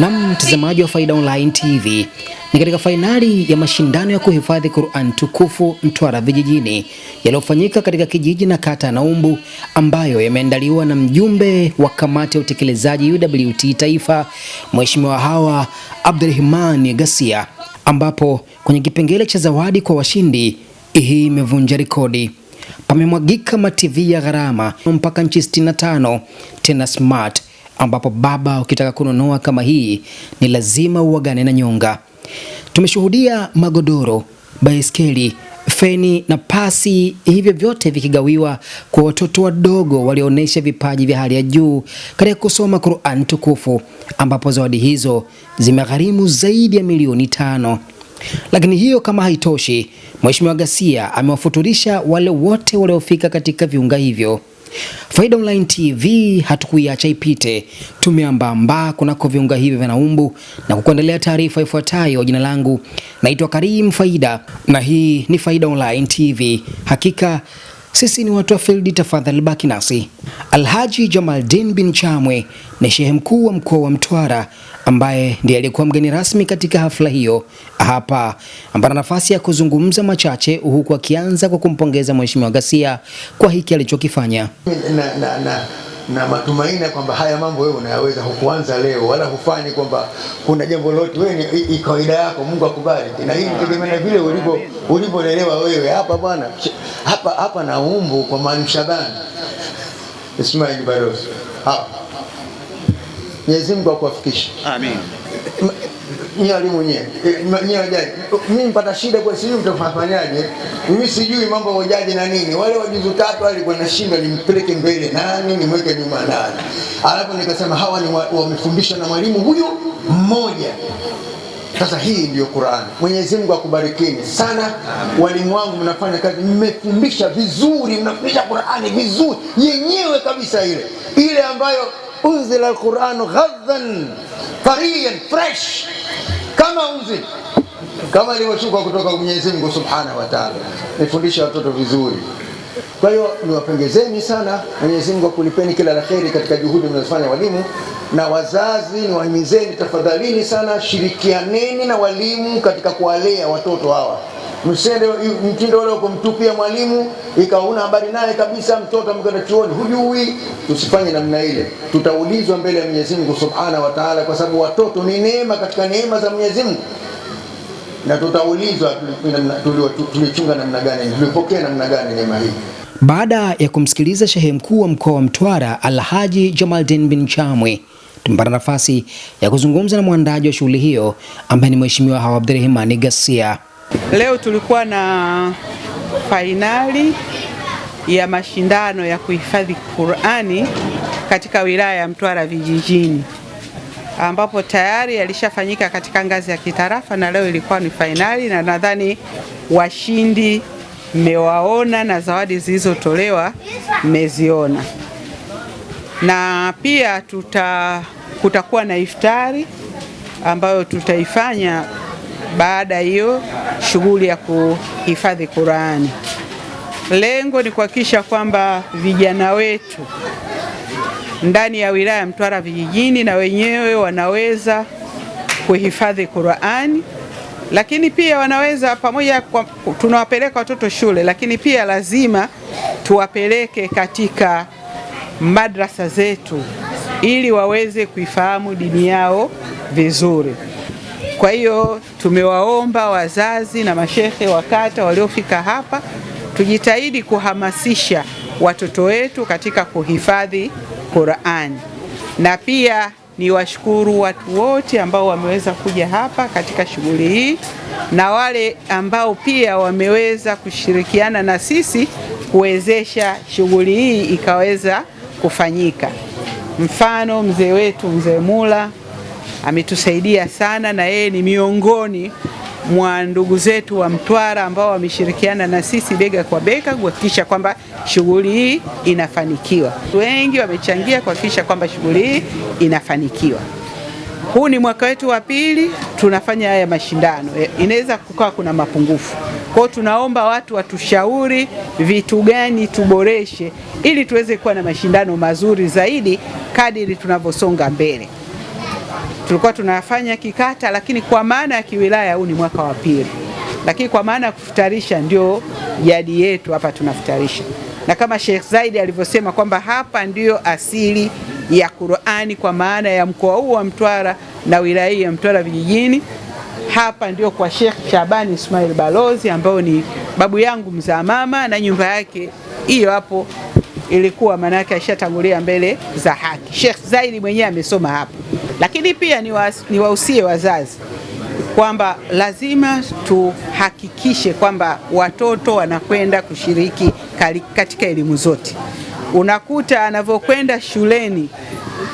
Na mtazamaji wa Faida Online TV, ni katika fainali ya mashindano ya kuhifadhi Qur'an tukufu Mtwara vijijini yaliyofanyika katika kijiji na kata ya Naumbu ambayo yameandaliwa na mjumbe wa kamati ya utekelezaji UWT Taifa, Mheshimiwa Hawa Abdulrahman Gasia, ambapo kwenye kipengele cha zawadi kwa washindi, hii imevunja rekodi pamemwagika mativi ya gharama mpaka nchi 65 tena smart ambapo baba, ukitaka kununua kama hii ni lazima uagane na nyonga. Tumeshuhudia magodoro, baiskeli, feni na pasi, hivyo vyote vikigawiwa kwa watoto wadogo walioonyesha vipaji vya hali ya juu katika kusoma Qur'an tukufu, ambapo zawadi hizo zimegharimu zaidi ya milioni tano. Lakini hiyo kama haitoshi, Mheshimiwa Ghasia amewafuturisha wale wote waliofika katika viunga hivyo. Faida Online TV hatukuiacha ipite, tumeambamba kunako viunga hivi vya Naumbu na kukuendelea taarifa ifuatayo. Jina langu naitwa Karim Faida na hii ni Faida Online TV. Hakika sisi ni watu wa field, tafadhali baki nasi. Alhaji Jamaldin bin Chamwe ni shehe mkuu wa mkoa wa Mtwara ambaye ndiye aliyekuwa mgeni rasmi katika hafla hiyo hapa, ambaye nafasi ya kuzungumza machache, huku akianza kwa kumpongeza Mheshimiwa Ghasia kwa hiki alichokifanya na, na, na na matumaini kwamba haya mambo wewe unayaweza, hukuanza leo wala hufanyi kwamba kuna jambo lolote wewe ni kawaida yako, Mungu akubali. Na hii tegemea vile ulivyo ulivyolelewa wewe. Hapa bwana, hapa hapa na umbu kwa manshabani Ismail Barosi hapa Mwenyezi Mungu akuwafikishe. Amin. Nyie walimu nyie, nyie wajaji, mimi mpata e, shida kwa sijui mtafanyaje. Mimi sijui mambo ya wajaji na nini. Wale wajuzu tatu wale kwa nashinda nimpeleke mbele nani nimweke nyuma nani. Alafu nikasema hawa ni wamefundishwa na mwalimu huyu mmoja. Sasa hii ndio Qur'ani. Mwenyezi Mungu akubarikini sana. Walimu wangu, mnafanya kazi, mmefundisha vizuri, mnafundisha Qur'ani vizuri yenyewe kabisa, ile ile ambayo unzila alquranu ghadhan tariyan fresh kama unzil kama ilivyoshuka kutoka kwa Mwenyezi Mungu Subhanahu wa Ta'ala. Nifundishe watoto vizuri. Kwa hiyo niwapongezeni sana, Mwenyezi Mungu akulipeni kila la kheri katika juhudi mnazofanya walimu na wazazi. Niwahimizeni tafadhalini sana, shirikianeni na walimu katika kuwalea watoto hawa msende mtindo ule kumtupia mwalimu ikauna habari naye kabisa, mtoto amekwenda chuoni, hujui. Tusifanye namna ile, tutaulizwa mbele ya Mwenyezi Mungu Subhanahu wa Ta'ala, kwa sababu watoto ni neema katika neema za Mwenyezi Mungu, na tutaulizwa tulichunga namna gani, tulipokea namna gani neema hii. Baada ya kumsikiliza shehe mkuu wa mkoa wa Mtwara Alhaji Jamaldin bin Chamwe tumepata nafasi ya kuzungumza na mwandaji wa shughuli hiyo ambaye ni Mheshimiwa Hawa Abdirahimani Gasia. Leo tulikuwa na fainali ya mashindano ya kuhifadhi Qur'ani katika wilaya ya Mtwara vijijini ambapo tayari yalishafanyika katika ngazi ya kitarafa na leo ilikuwa ni fainali, na nadhani washindi mmewaona na zawadi zilizotolewa mmeziona, na pia tuta kutakuwa na iftari ambayo tutaifanya baada hiyo shughuli ya kuhifadhi Qurani. Lengo ni kuhakikisha kwamba vijana wetu ndani ya wilaya ya Mtwara vijijini na wenyewe wanaweza kuhifadhi Qurani, lakini pia wanaweza pamoja, tunawapeleka watoto shule, lakini pia lazima tuwapeleke katika madrasa zetu ili waweze kuifahamu dini yao vizuri. Kwa hiyo tumewaomba wazazi na mashehe wa kata waliofika hapa tujitahidi kuhamasisha watoto wetu katika kuhifadhi Qur'ani, na pia niwashukuru watu wote ambao wameweza kuja hapa katika shughuli hii na wale ambao pia wameweza kushirikiana na sisi kuwezesha shughuli hii ikaweza kufanyika. Mfano mzee wetu mzee Mula ametusaidia sana, na yeye ni miongoni mwa ndugu zetu wa Mtwara ambao wameshirikiana na sisi bega kwa bega kuhakikisha kwamba shughuli hii inafanikiwa. Wengi wamechangia kuhakikisha kwamba shughuli hii inafanikiwa. Huu ni mwaka wetu wa pili tunafanya haya mashindano, e, inaweza kukawa kuna mapungufu. Kwa tunaomba watu watushauri vitu gani tuboreshe, ili tuweze kuwa na mashindano mazuri zaidi kadiri tunavyosonga mbele tulikuwa tunafanya kikata, lakini kwa maana ya kiwilaya huu ni mwaka wa pili, lakini kwa maana ya kufutarisha ndio jadi yetu, hapa tunafutarisha na kama Sheikh Zaidi alivyosema kwamba hapa ndiyo asili ya Qur'ani kwa maana ya mkoa huu wa Mtwara na wilaya hii ya Mtwara vijijini. Hapa ndio kwa Sheikh Shabani Ismail Balozi ambao ni babu yangu mzaa mama, na nyumba yake hiyo hapo ilikuwa maana yake ashatangulia mbele za haki. Sheikh Zaidi mwenyewe amesoma hapa. Lakini pia niwahusie wa, ni wazazi kwamba lazima tuhakikishe kwamba watoto wanakwenda kushiriki katika elimu zote. Unakuta anavyokwenda shuleni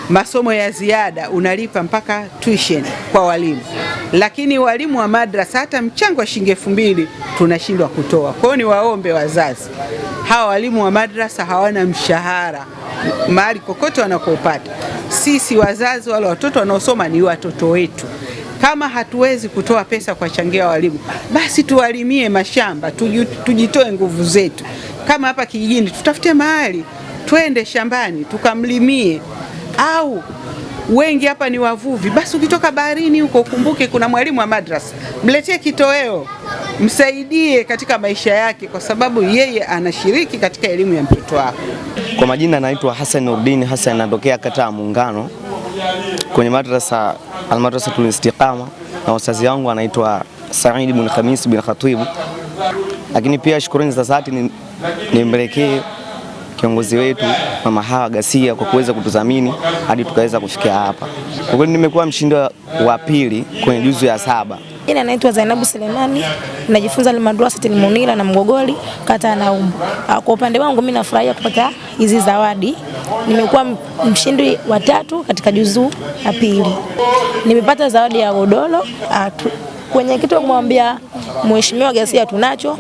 masomo ya ziada unalipa mpaka tuition kwa walimu, lakini walimu wa madrasa hata mchango wa shilingi elfu mbili tunashindwa kutoa. Kwa hiyo ni waombe wazazi, hawa walimu wa madrasa hawana mshahara mahali kokote wanakopata sisi wazazi wale watoto wanaosoma ni watoto wetu. Kama hatuwezi kutoa pesa kuwachangia walimu, basi tuwalimie mashamba, tujitoe nguvu zetu. Kama hapa kijijini, tutafute mahali twende shambani tukamlimie au wengi hapa ni wavuvi, basi ukitoka baharini huko ukumbuke kuna mwalimu wa madrasa, mletee kitoweo, msaidie katika maisha yake, kwa sababu yeye anashiriki katika elimu ya mtoto wako. Kwa majina anaitwa Hassan Nurdin Hassan, anatokea kata ya Muungano kwenye madrasa Almadrasa Tulistiqama, na wazazi wangu anaitwa Said bin Khamis bin Khatibu. Lakini pia shukrani za dhati nimpelekee kiongozi wetu Mama Hawa Ghasia kwa kuweza kutudhamini hadi tukaweza kufikia hapa. Kwa kweli nimekuwa mshindi wa pili kwenye juzu ya saba. Jina naitwa Zainabu Selemani, najifunza Almadrasat tilimunila na Mgogoli, kata ya Naumbu. Ah, kwa upande wangu mimi nafurahia kupata hizi zawadi. Nimekuwa mshindi wa tatu katika juzu ya pili. Nimepata zawadi ya godoro ah, Mwenyekiti kumwambia Mheshimiwa gasia tunacho.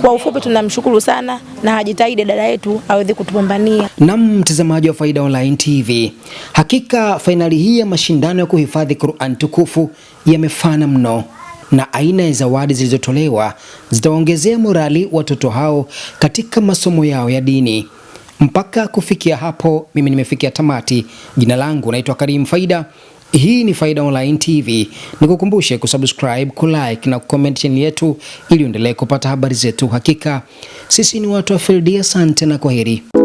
Kwa ufupi, tunamshukuru sana na hajitahidi dada yetu aweze kutupambania. Na mtazamaji wa Faida Online TV, hakika fainali hii ya mashindano ya kuhifadhi Qur'an tukufu yamefana mno na aina ya zawadi zilizotolewa zitawaongezea morali watoto hao katika masomo yao ya dini. Mpaka kufikia hapo, mimi nimefikia tamati. Jina langu naitwa Karim Faida. Hii ni Faida Online TV. Nikukumbushe kusubscribe, kulike na kucomment chini yetu ili uendelee kupata habari zetu. Hakika sisi ni watu wa field. Asante na kwaheri.